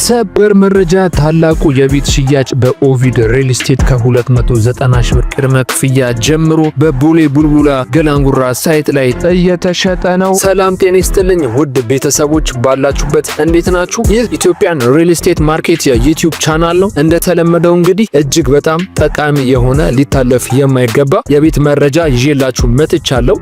ሰበር መረጃ ታላቁ የቤት ሽያጭ በኦቪድ ሪል ስቴት ከ290 ሺህ ብር ቅድመ ክፍያ ጀምሮ በቦሌ ቡልቡላ ገላንጉራ ሳይት ላይ እየተሸጠ ነው። ሰላም ጤና ይስጥልኝ ውድ ቤተሰቦች ባላችሁበት እንዴት ናችሁ? ይህ ኢትዮጵያን ሪል ስቴት ማርኬት የዩቲዩብ ቻናል ነው። እንደተለመደው እንግዲህ እጅግ በጣም ጠቃሚ የሆነ ሊታለፍ የማይገባ የቤት መረጃ ይዤላችሁ መጥቻለሁ።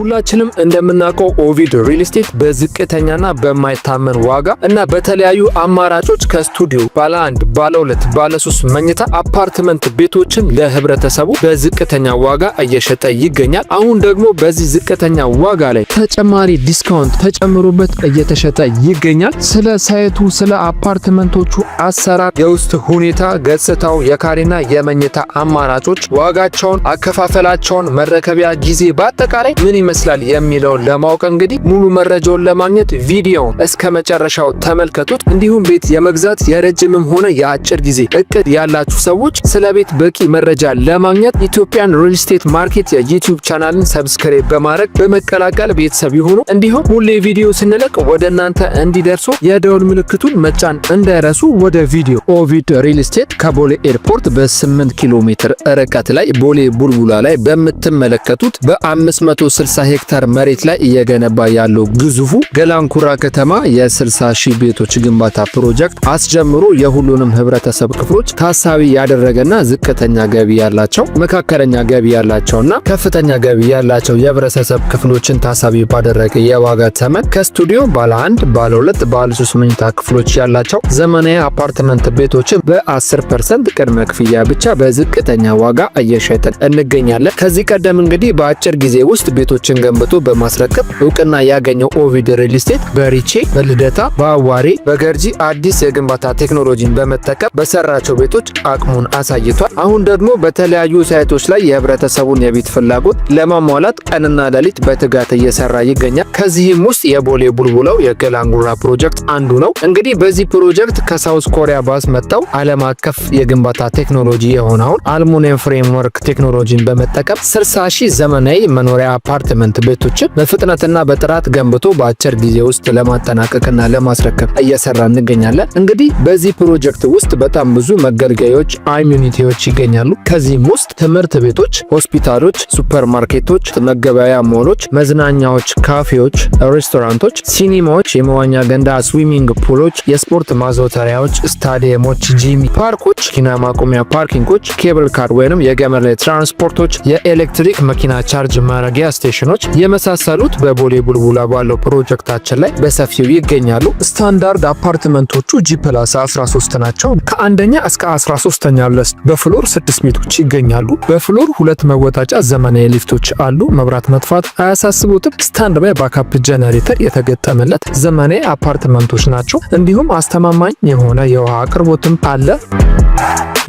ሁላችንም እንደምናውቀው ኦቪድ ሪል ስቴት በዝቅተኛና በማይታመን ዋጋ እና በተለያዩ አማራጮች ከስቱዲዮ ባለ አንድ፣ ባለ ሁለት፣ ባለ ሶስት መኝታ አፓርትመንት ቤቶችን ለህብረተሰቡ በዝቅተኛ ዋጋ እየሸጠ ይገኛል። አሁን ደግሞ በዚህ ዝቅተኛ ዋጋ ላይ ተጨማሪ ዲስካውንት ተጨምሮበት እየተሸጠ ይገኛል። ስለ ሳይቱ፣ ስለ አፓርትመንቶቹ አሰራር፣ የውስጥ ሁኔታ፣ ገጽታው፣ የካሬና የመኝታ አማራጮች፣ ዋጋቸውን፣ አከፋፈላቸውን፣ መረከቢያ ጊዜ በአጠቃላይ ምን ይመስላል የሚለውን ለማወቅ እንግዲህ ሙሉ መረጃውን ለማግኘት ቪዲዮውን እስከ መጨረሻው ተመልከቱት። እንዲሁም ቤት የመግዛት የረጅምም ሆነ የአጭር ጊዜ እቅድ ያላችሁ ሰዎች ስለ ቤት በቂ መረጃ ለማግኘት ኢትዮጵያን ሪል ስቴት ማርኬት የዩቲዩብ ቻናልን ሰብስክራይብ በማድረግ በመቀላቀል ቤተሰብ ይሁኑ። እንዲሁም ሁሌ ቪዲዮ ስንለቅ ወደ እናንተ እንዲደርሱ የደውል ምልክቱን መጫን እንዳይረሱ። ወደ ቪዲዮ ኦቪድ ሪል ስቴት ከቦሌ ኤርፖርት በ8 ኪሎ ሜትር ርቀት ላይ ቦሌ ቡልቡላ ላይ በምትመለከቱት በ560 50 ሄክታር መሬት ላይ እየገነባ ያለው ግዙፉ ገላንኩራ ከተማ የ60 ሺህ ቤቶች ግንባታ ፕሮጀክት አስጀምሮ የሁሉንም ህብረተሰብ ክፍሎች ታሳቢ ያደረገና ዝቅተኛ ገቢ ያላቸው፣ መካከለኛ ገቢ ያላቸውና ከፍተኛ ገቢ ያላቸው የህብረተሰብ ክፍሎችን ታሳቢ ባደረገ የዋጋ ተመን ከስቱዲዮ ባለ አንድ፣ ባለ ሁለት፣ ባለ ሶስት መኝታ ክፍሎች ያላቸው ዘመናዊ አፓርትመንት ቤቶችን በ10 ፐርሰንት ቅድመ ክፍያ ብቻ በዝቅተኛ ዋጋ እየሸጥን እንገኛለን። ከዚህ ቀደም እንግዲህ በአጭር ጊዜ ውስጥ ቤቶች ሱቆችን ገንብቶ በማስረከብ እውቅና ያገኘው ኦቪድ ሪል ስቴት በሪቼ፣ በልደታ፣ በአዋሬ፣ በገርጂ አዲስ የግንባታ ቴክኖሎጂን በመጠቀም በሰራቸው ቤቶች አቅሙን አሳይቷል። አሁን ደግሞ በተለያዩ ሳይቶች ላይ የህብረተሰቡን የቤት ፍላጎት ለማሟላት ቀንና ሌሊት በትጋት እየሰራ ይገኛል። ከዚህም ውስጥ የቦሌ ቡልቡላው የገላንጉራ ፕሮጀክት አንዱ ነው። እንግዲህ በዚህ ፕሮጀክት ከሳውስ ኮሪያ ባስመጣው ዓለም አቀፍ የግንባታ ቴክኖሎጂ የሆነውን አልሙኒየም ፍሬምወርክ ቴክኖሎጂን በመጠቀም 60 ሺህ ዘመናዊ መኖሪያ አፓርትመንት አፓርትመንት ቤቶችን በፍጥነትና በጥራት ገንብቶ በአጭር ጊዜ ውስጥ ለማጠናቀቅና ለማስረከብ እየሰራ እንገኛለን። እንግዲህ በዚህ ፕሮጀክት ውስጥ በጣም ብዙ መገልገያዎች አሚኒቲዎች ይገኛሉ። ከዚህም ውስጥ ትምህርት ቤቶች፣ ሆስፒታሎች፣ ሱፐርማርኬቶች፣ መገበያያ ሞሎች፣ መዝናኛዎች፣ ካፌዎች፣ ሬስቶራንቶች፣ ሲኒማዎች፣ የመዋኛ ገንዳ፣ ስዊሚንግ ፑሎች፣ የስፖርት ማዘውተሪያዎች፣ ስታዲየሞች፣ ጂም ፓርኮች፣ ኪና ማቆሚያ ፓርኪንጎች፣ ኬብል ካር ወይም የገመድ ላይ ትራንስፖርቶች፣ የኤሌክትሪክ መኪና ቻርጅ ማረጊያ ስቴሽኖች ቡድኖች የመሳሰሉት በቦሌ ቡልቡላ ባለው ፕሮጀክታችን ላይ በሰፊው ይገኛሉ። ስታንዳርድ አፓርትመንቶቹ ጂ ፕላስ 13 ናቸው። ከአንደኛ እስከ 13ተኛ ድረስ በፍሎር 6 ቤቶች ይገኛሉ። በፍሎር ሁለት መወጣጫ ዘመናዊ ሊፍቶች አሉ። መብራት መጥፋት አያሳስቡትም። ስታንድ ባይ ባካፕ ጀነሬተር የተገጠመለት ዘመናዊ አፓርትመንቶች ናቸው። እንዲሁም አስተማማኝ የሆነ የውሃ አቅርቦትም አለ።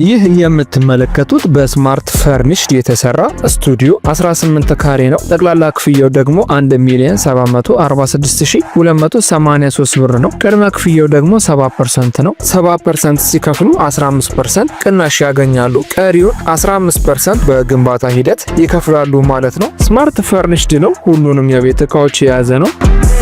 ይህ የምትመለከቱት በስማርት ፈርኒሽ የተሰራ ስቱዲዮ 18 ካሬ ነው። ጠቅላላ ክፍያው ደግሞ 1 ሚሊዮን 746283 ብር ነው። ቅድመ ክፍያው ደግሞ 7 ነው። 7 ሲከፍሉ 15 ቅናሽ ያገኛሉ። ቀሪውን 15 በግንባታ ሂደት ይከፍላሉ ማለት ነው። ስማርት ፈርኒሽድ ነው። ሁሉንም የቤት እቃዎች የያዘ ነው።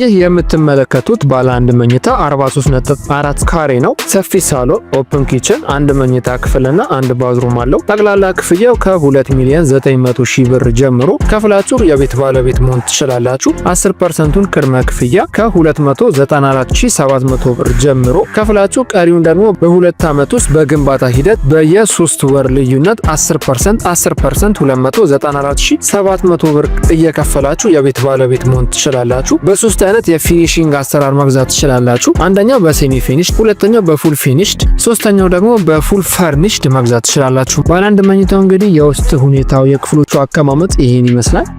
ይህ የምትመለከቱት ባለ አንድ መኝታ 43.4 ካሬ ነው። ሰፊ ሳሎን፣ ኦፕን ኪችን፣ አንድ መኝታ ክፍልና አንድ ባዝሩም አለው። ጠቅላላ ክፍያው ከ2 ሚሊዮን 900 ሺህ ብር ጀምሮ ከፍላችሁ የቤት ባለቤት መሆን ትችላላችሁ። 10 ፐርሰንቱን ቅድመ ክፍያ ከ294700 ብር ጀምሮ ከፍላችሁ ቀሪውን ደግሞ በሁለት ዓመት ውስጥ በግንባታ ሂደት በየ3 ወር ልዩነት 10 ፐርሰንት 10 ፐርሰንት 294700 ብር እየከፈላችሁ የቤት ባለቤት መሆን ትችላላችሁ በሶስት አይነት የፊኒሽንግ አሰራር መግዛት ትችላላችሁ። አንደኛው በሴሚ ፊኒሽድ፣ ሁለተኛው በፉል ፊኒሽድ፣ ሶስተኛው ደግሞ በፉል ፈርኒሽድ መግዛት ትችላላችሁ። ባለ አንድ መኝታው እንግዲህ የውስጥ ሁኔታው የክፍሎቹ አቀማመጥ ይህን ይመስላል።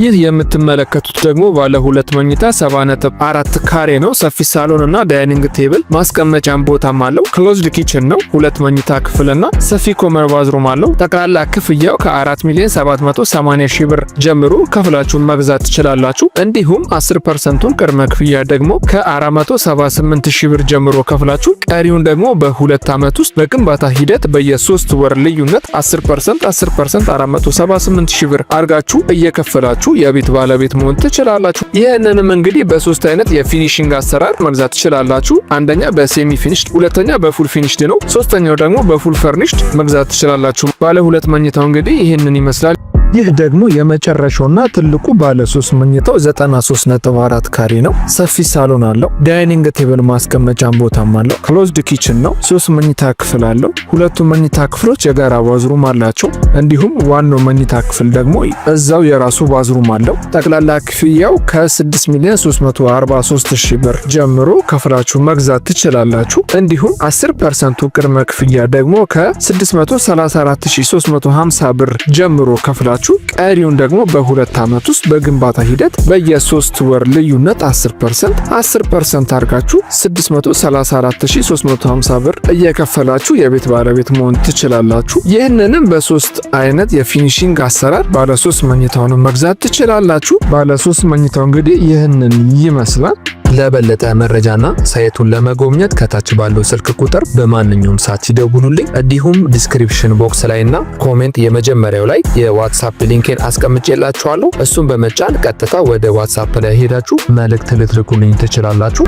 ይህ የምትመለከቱት ደግሞ ባለ ሁለት መኝታ 74 ካሬ ነው። ሰፊ ሳሎን እና ዳይኒንግ ቴብል ማስቀመጫን ቦታም አለው። ክሎዝድ ኪችን ነው። ሁለት መኝታ ክፍልና ሰፊ ኮመር ባዝሩም አለው። ጠቅላላ ክፍያው ከ4 ሚሊዮን 780 ሺህ ብር ጀምሮ ከፍላችሁን መግዛት ትችላላችሁ። እንዲሁም 10 ፐርሰንቱን ቅድመ ክፍያ ደግሞ ከ478 ሺህ ብር ጀምሮ ከፍላችሁ ቀሪውን ደግሞ በሁለት ዓመት ውስጥ በግንባታ ሂደት በየሶስት ወር ልዩነት 10 ፐርሰንት 10 ፐርሰንት 478 ሺህ ብር አድርጋችሁ እየከፈላችሁ ሆናችሁ የቤት ባለቤት መሆን ትችላላችሁ። ይህንንም እንግዲህ በሶስት አይነት የፊኒሽንግ አሰራር መግዛት ትችላላችሁ። አንደኛ በሴሚ ፊኒሽድ፣ ሁለተኛ በፉል ፊኒሽድ ነው፣ ሶስተኛው ደግሞ በፉል ፈርኒሽድ መግዛት ትችላላችሁ። ባለ ሁለት መኝታው እንግዲህ ይህንን ይመስላል። ይህ ደግሞ የመጨረሻውና ትልቁ ባለ 3 መኝታው 93.4 ካሬ ነው። ሰፊ ሳሎን አለው። ዳይኒንግ ቴብል ማስቀመጫም ቦታም አለው። ክሎዝድ ኪችን ነው። 3 መኝታ ክፍል አለው። ሁለቱ መኝታ ክፍሎች የጋራ ባዝሩም አላቸው። እንዲሁም ዋናው መኝታ ክፍል ደግሞ እዛው የራሱ ባዝሩም አለው። ጠቅላላ ክፍያው ከ6 ሚሊዮን 343 ሺ ብር ጀምሮ ከፍላችሁ መግዛት ትችላላችሁ። እንዲሁም 10 ፐርሰንቱ ቅድመ ክፍያ ደግሞ ከ634350 ብር ጀምሮ ከፍላችሁ ከገነባችሁ ቀሪውን ደግሞ በሁለት ዓመት ውስጥ በግንባታ ሂደት በየሶስት ወር ልዩነት 10 ፐርሰንት 10 ፐርሰንት አድርጋችሁ 634350 ብር እየከፈላችሁ የቤት ባለቤት መሆን ትችላላችሁ። ይህንንም በሶስት አይነት የፊኒሽንግ አሰራር ባለ ሶስት መኝታውን መግዛት ትችላላችሁ። ባለሶስት መኝታው እንግዲህ ይህንን ይመስላል። ለበለጠ መረጃና ሳይቱን ለመጎብኘት ከታች ባለው ስልክ ቁጥር በማንኛውም ሰዓት ሲደውሉልኝ፣ እንዲሁም ዲስክሪፕሽን ቦክስ ላይና ኮሜንት የመጀመሪያው ላይ የዋትሳፕ ሊንኬን አስቀምጬላችኋለሁ። እሱን በመጫን ቀጥታ ወደ ዋትሳፕ ላይ ሄዳችሁ መልእክት ልትልኩልኝ ትችላላችሁ።